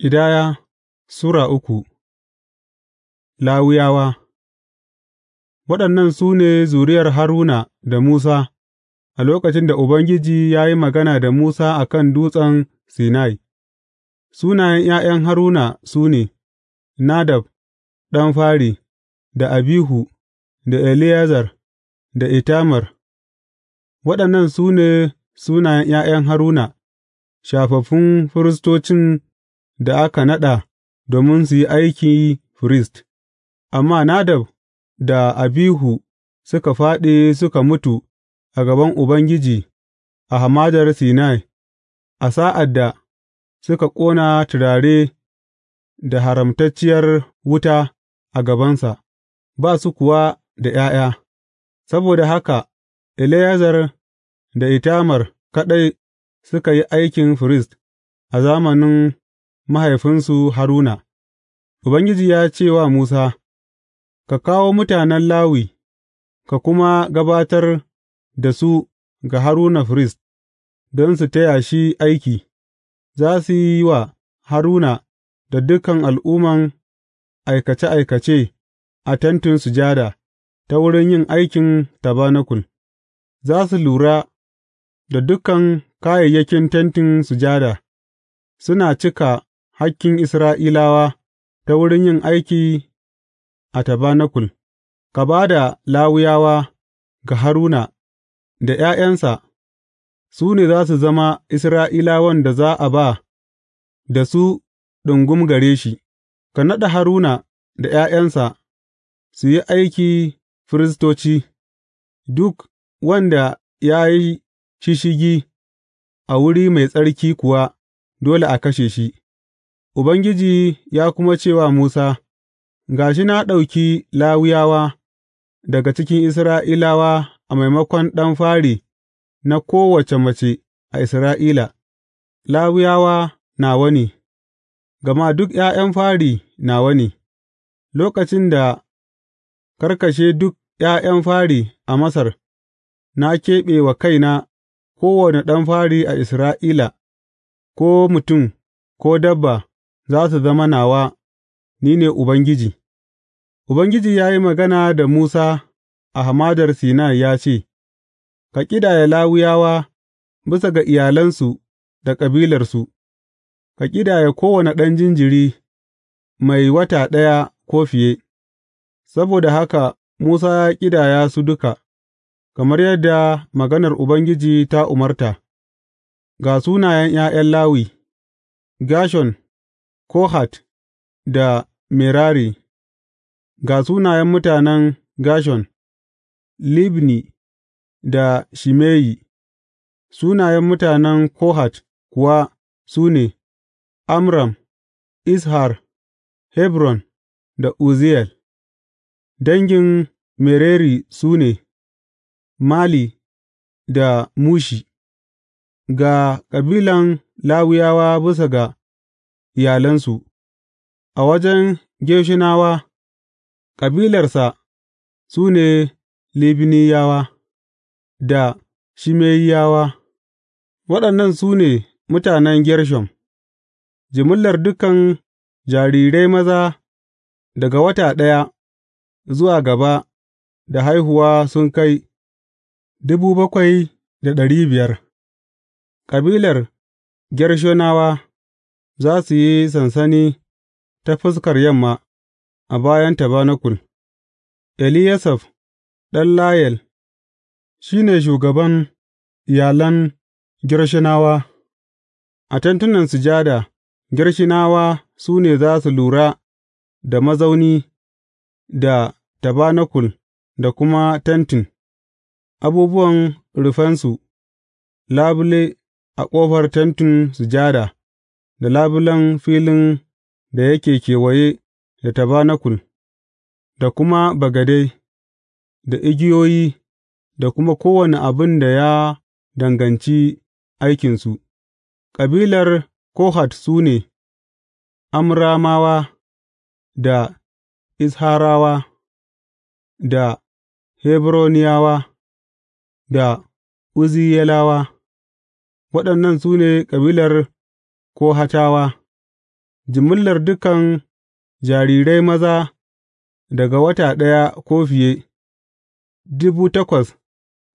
Ƙidaya Sura uku Lawiyawa Waɗannan su ne zuriyar Haruna da Musa a lokacin da Ubangiji ya yi magana da Musa a kan Dutsen Sinai, sunayen ’ya'yan Haruna su ne, Nadab ɗan fari, da Abihu, da Eleyazar, da Itamar, waɗannan su ne sunayen ’ya'yan Haruna, shafaffun firistocin da aka naɗa domin su yi aiki firist, amma Nadab da Abihu suka fāɗi suka mutu a gaban Ubangiji a hamadar Sinai, a sa'ad da suka ƙona turare da haramtacciyar wuta a gabansa, ba su kuwa da ’ya'ya, saboda haka Eleyazar da Itamar kaɗai suka yi aikin firist a zamanin mahaifinsu Haruna, Ubangiji ya ce wa Musa, Ka kawo mutanen Lawi, ka kuma gabatar da su ga Haruna firist, don su taya shi aiki, za su yi wa Haruna da dukan al'umman aikace aikace a Tentin Sujada ta wurin yin aikin tabanakul, za su lura da dukan kayayyakin Tentin Sujada, suna cika hakkin Isra'ilawa ta wurin yin aiki a tabanakul, ka ba da lawuyawa ga Haruna da ’ya'yansa, su ne za su zama Isra'ilawan da za a ba da su ɗungum gare shi, ka naɗa Haruna da ’ya'yansa su yi aiki firistoci, duk wanda ya yi shishigi a wuri mai tsarki kuwa dole a kashe shi. Ubangiji ya kuma ce wa Musa, Ga shi na ɗauki Lawiyawa daga cikin Isra'ilawa a maimakon ɗan fari na kowace mace a Isra'ila, Lawiyawa na wani, gama duk ’ya'yan fari na wani. lokacin da karkashe duk ’ya'yan fari a Masar, na keɓe wa kaina kowane ɗan fari a Isra'ila, ko mutum, ko dabba. za su zama nawa, ni ne Ubangiji.’ Ubangiji ya yi magana da Musa a Hamadar Sinai ya ce, Ka ƙidaya Lawiyawa bisa ga iyalansu da kabilarsu, ka ƙidaya kowane ɗan jinjiri mai wata ɗaya ko fiye, saboda haka Musa ya ƙidaya su duka, kamar yadda maganar Ubangiji ta umarta, ga sunayen ’ya'yan Lawi, Gashon Kohat da Merari Ga sunayen mutanen Gershon, Libni da Shimeyi, sunayen mutanen Kohat kuwa su ne, Amram, ishar Hebron da Uziyel, dangin Merari su ne, Mali da Mushi Ga kabilan Lawiyawa bisa ga. iyalansu; a wajen Gershonawa, kabilarsa su ne Libniyawa da Shimeyiyawa, waɗannan su ne mutanen Gershom; jimillar dukan jarirai maza daga wata ɗaya zuwa gaba da haihuwa sun kai dubu bakwai da ɗari biyar Kabilar Gershonawa. Za su yi sansani ta fuskar yamma, a bayan tabanakul, Eliyasaf ɗan Layel shi ne shugaban iyalan gershinawa a Tentunan Sujada, gershinawa su ne za su lura da mazauni da tabanakul da kuma tentin, abubuwan rufensu, labule a ƙofar Tentin Sujada. da labulen filin da yake kewaye da tabanakul, da kuma bagade, da igiyoyi, da kuma kowane abin da ya danganci aikinsu, kabilar Kohat su ne, Amramawa, da Isharawa da Hebroniyawa, da Uziyelawa, waɗannan su ne kabilar ko Hatawa Jimillar dukan jarirai maza daga wata ɗaya ko fiye, Dubu takwas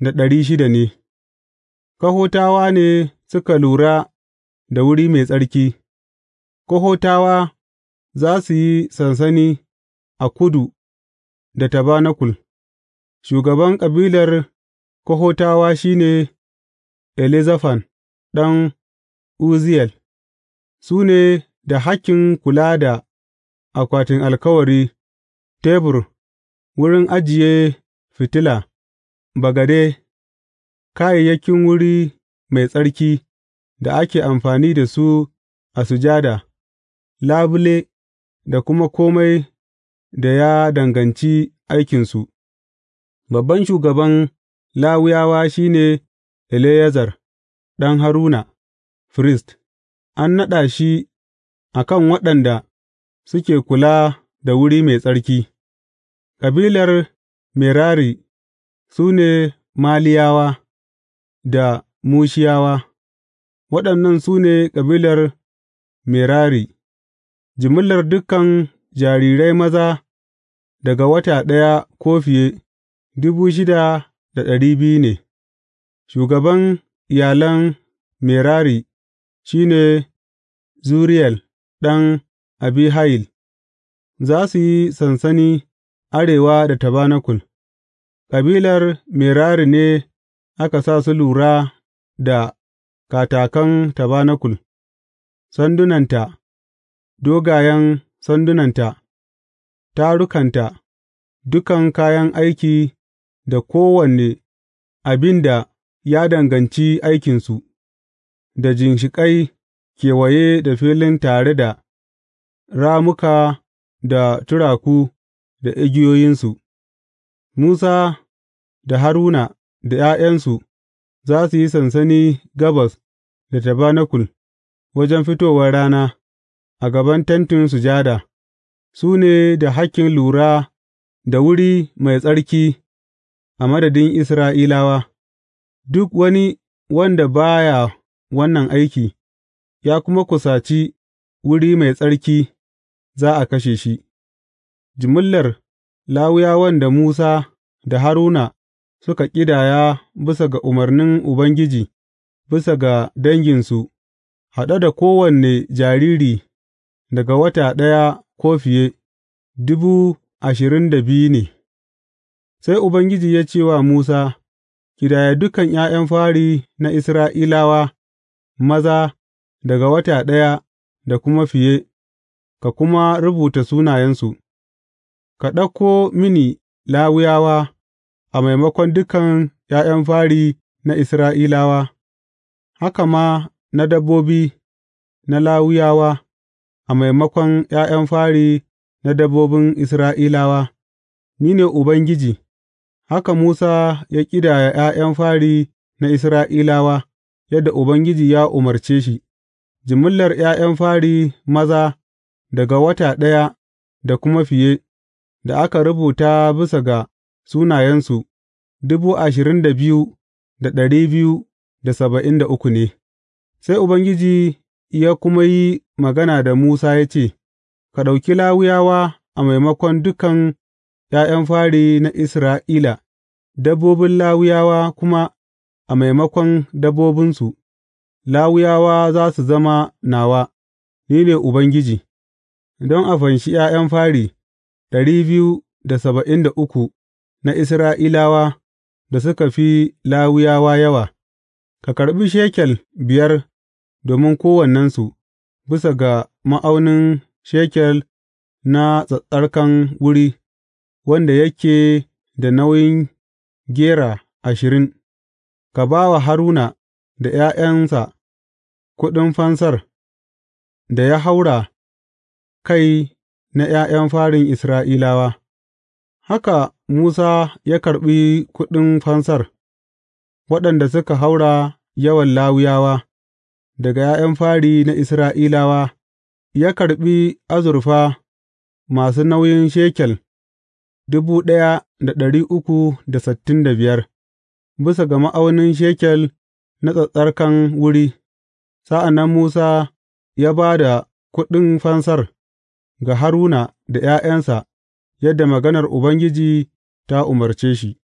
da shida ɗari ne, Kahotawa ne suka lura da wuri mai tsarki; kohotawa za su yi sansani a kudu da tabanakul Shugaban ƙabilar kohotawa shi ne Elizafan ɗan Uzziyel. su ne da hakkin kula da akwatin alkawari, tebur, wurin ajiye fitila, bagade, kayayyakin wuri mai tsarki da ake amfani da su a sujada, labule da kuma komai da ya danganci aikinsu, babban shugaban lawuyawa shi ne Eleyazar ɗan Haruna, firist. an naɗa shi a kan waɗanda suke kula da wuri mai tsarki; kabilar Merari su ne Maliyawa da Mushiyawa, waɗannan su ne kabilar Merari, jimillar dukan jarirai maza daga wata ɗaya ko fiye, dubu shida da ɗari biyu ne, Shugaban iyalan Merari shi ne Zuriyel ɗan Abihayil, za su yi sansani arewa da tabanakul, kabilar Merari ne aka sa su lura da katakan tabanakul, sandunanta, dogayen sandunanta, tarukanta, dukan kayan aiki da kowane abin da ya danganci aikinsu, da jinshiƙai. kewaye da filin tare da ramuka da turaku da igiyoyinsu, Musa da Haruna da ’ya'yansu za su yi sansani gabas da tabanakul wajen fitowar rana a gaban Tentin Sujada, su ne da hakkin lura da wuri mai tsarki a madadin Isra'ilawa, duk wani wanda ba ya wannan aiki. ya kuma kusaci wuri mai tsarki, za a kashe shi. Jimillar Lawiyawan da Musa da Haruna suka ƙidaya bisa ga umarnin Ubangiji, bisa ga danginsu, haɗe da kowanne jariri daga wata ɗaya ko fiye, dubu ashirin da biyu ne. Sai Ubangiji ya ce wa Musa, Ƙidaya dukan ’ya'yan fari na Isra'ilawa maza daga wata ɗaya da kuma fiye, ka kuma rubuta sunayensu, ka ɗauko mini Lawiyawa a maimakon dukan ’ya'yan fari na Isra'ilawa, haka ma na dabbobi na Lawiyawa a maimakon ’ya'yan fari na dabbobin Isra'ilawa, ni ne Ubangiji, haka Musa ya ƙidaya ’ya'yan fari na Isra'ilawa, yadda Ubangiji ya umarce shi. Jimillar ’ya'yan fari maza daga wata ɗaya da kuma fiye, da aka rubuta bisa ga sunayensu, dubu ashirin da da da da biyu biyu ɗari saba'in uku ne, sai Ubangiji ya kuma yi magana da Musa ya ce, Ka ɗauki Lawiyawa a maimakon dukan ’ya'yan fari na Isra'ila, dabbobin Lawiyawa kuma a maimakon dabbobinsu. Lawiyawa za su zama nawa, ni ne Ubangiji, don a fanshi ’ya'yan fari ɗari biyu da da saba'in uku na Isra'ilawa da suka fi Lawiyawa yawa, ka karɓi shekel biyar domin kowannensu, bisa ga ma'aunin shekel na tsattsarkan wuri, wanda yake da nauyin gera ashirin, ka ba wa Haruna da ’ya'yansa. kuɗin fansar da ya haura kai na ’ya'yan farin Isra'ilawa, haka Musa ya karɓi kuɗin fansar waɗanda suka haura yawan Lawiyawa daga ’ya'yan fari na Isra'ilawa, ya karɓi azurfa masu nauyin shekel dubu ɗaya da ɗari uku da sittin da biyar, bisa ga ma'aunin shekel na tsattsarkan wuri. Sa'an nan Musa ya ba da kuɗin fansar ga Haruna da ’ya'yansa, yadda maganar Ubangiji ta umarce shi.